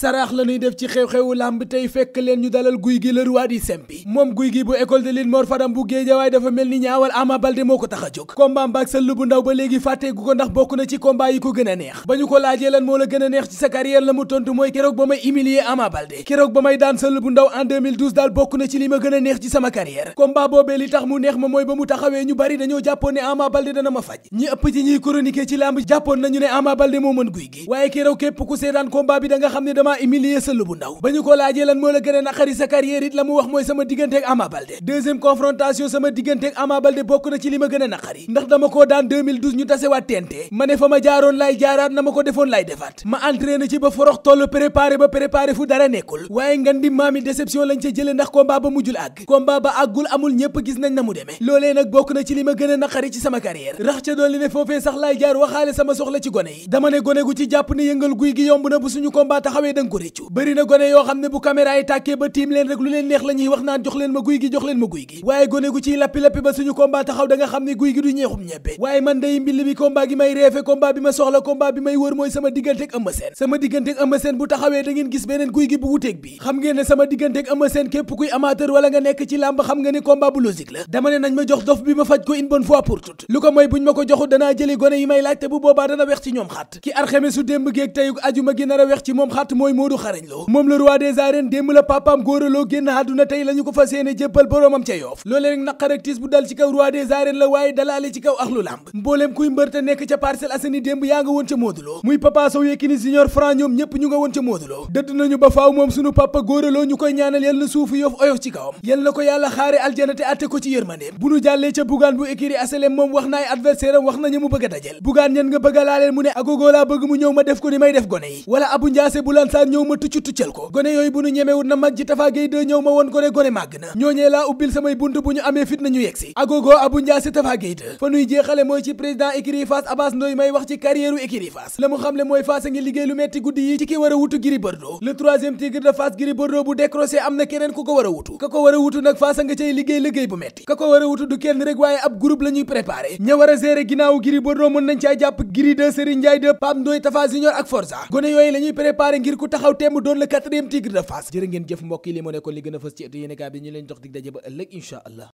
saraax la ñuy def ci xew-xewu làmb tey fekk leen ñu dalal guy gi le roi di sempi moom guy gi bu école de lin mor fadam bu géejawaay dafa mel ni ñaawal Ama Baldé moo ko tax a jóg combat mbaag sa bu ndaw ba léegi fàtteegu ko ndax bokk na ci combat yi ko gën neex ba ñu ko laajee lan moo la gën neex ci sa carrière la mu tontu mooy keroog ba may humilier Ama keroog ba may daan sa bu ndaw en 2012 daal bokk na ci li ma gën neex vraiment humilier sa lubu ndaw ba ñu ko laajee lan moo la gën a naqari sa carrière it la mu wax mooy sama diggante ak Ama Baldé confrontation sama diggante ak Ama bokk na ci li ma gën a naqari ndax dama koo daan ñu tasewaat TNT ma ne fa ma jaaroon laay jaaraat na ma ko defoon laay defaat ma entraîné ci ba forox toll préparé ba préparé fu dara nekkul waaye ngan di maami déception lañ jële ndax combat ba mujjul àgg combat ba àggul amul ñépp danga gone yoo xam ne bu caméra tàkkee ba tiim leen rek lu leen neex la wax naan jox leen ma guy gi jox leen ma guy gi waaye gone gu ciy lappi-lappi ba suñu combat taxaw da xam ne guy gi du ñeexum ñebbe waaye man day mbill bi combat gi may reefe combat bi ma soxla combat bi may wër mooy sama digganteeg Eumeu Sène sama digganteeg Eumeu Sène bu taxawee da gis beneen guy gi bu wuteeg bi xam ngeen sama digganteeg Eumeu Sène képp kuy amateur mooy Modou moom le roi des arènes démb la papaam góoraloo génn àdduna tey la ko fas yéene jébbal boroomam ca yoof loolee nag naqar bu dal ci kaw roi des arènes la waaye dalaale ci kaw axlu làmb mbooleem kuy mbër nekk ca Parcelles Assainies démb yaa nga woon ca Modou muy Papa Sow Yékini Franc ñoom ñépp ñu nga woon ca Modou dëdd nañu ba faaw moom sunu papa góoraloo ñu koy ñaanal yal na suufu yoof oyof ci kawam yal na ko yàlla xaare aljana te atte Sarr ñëw ma tuccu tuccal ko gone mooy ci a ngi liggéey lu metti guddi yi ci ki war a wutu Gris Bordeaux le troisième tigre de Fass Gris Bordeaux bu décroché am na keneen ku ko war wutu ka ko war wutu nag Fass a nga cay liggéey liggéey bu metti ka ko war wutu du kenn rek waaye ab groupe la ñuy ña war a gérer ginnaawu Gris mën nañ caa jàpp Gris 2 Serigne Ndiaye 2 Pape Ndoye Tafa Junior ak Forza gone yooyu la ñuy ngir ku taxaw temm doon le quatrième tigre de Fass jërë ngeen jëf mbokk yi li mu nekkoon li gën a fës ci ëttu yéenekaay bi ñu allah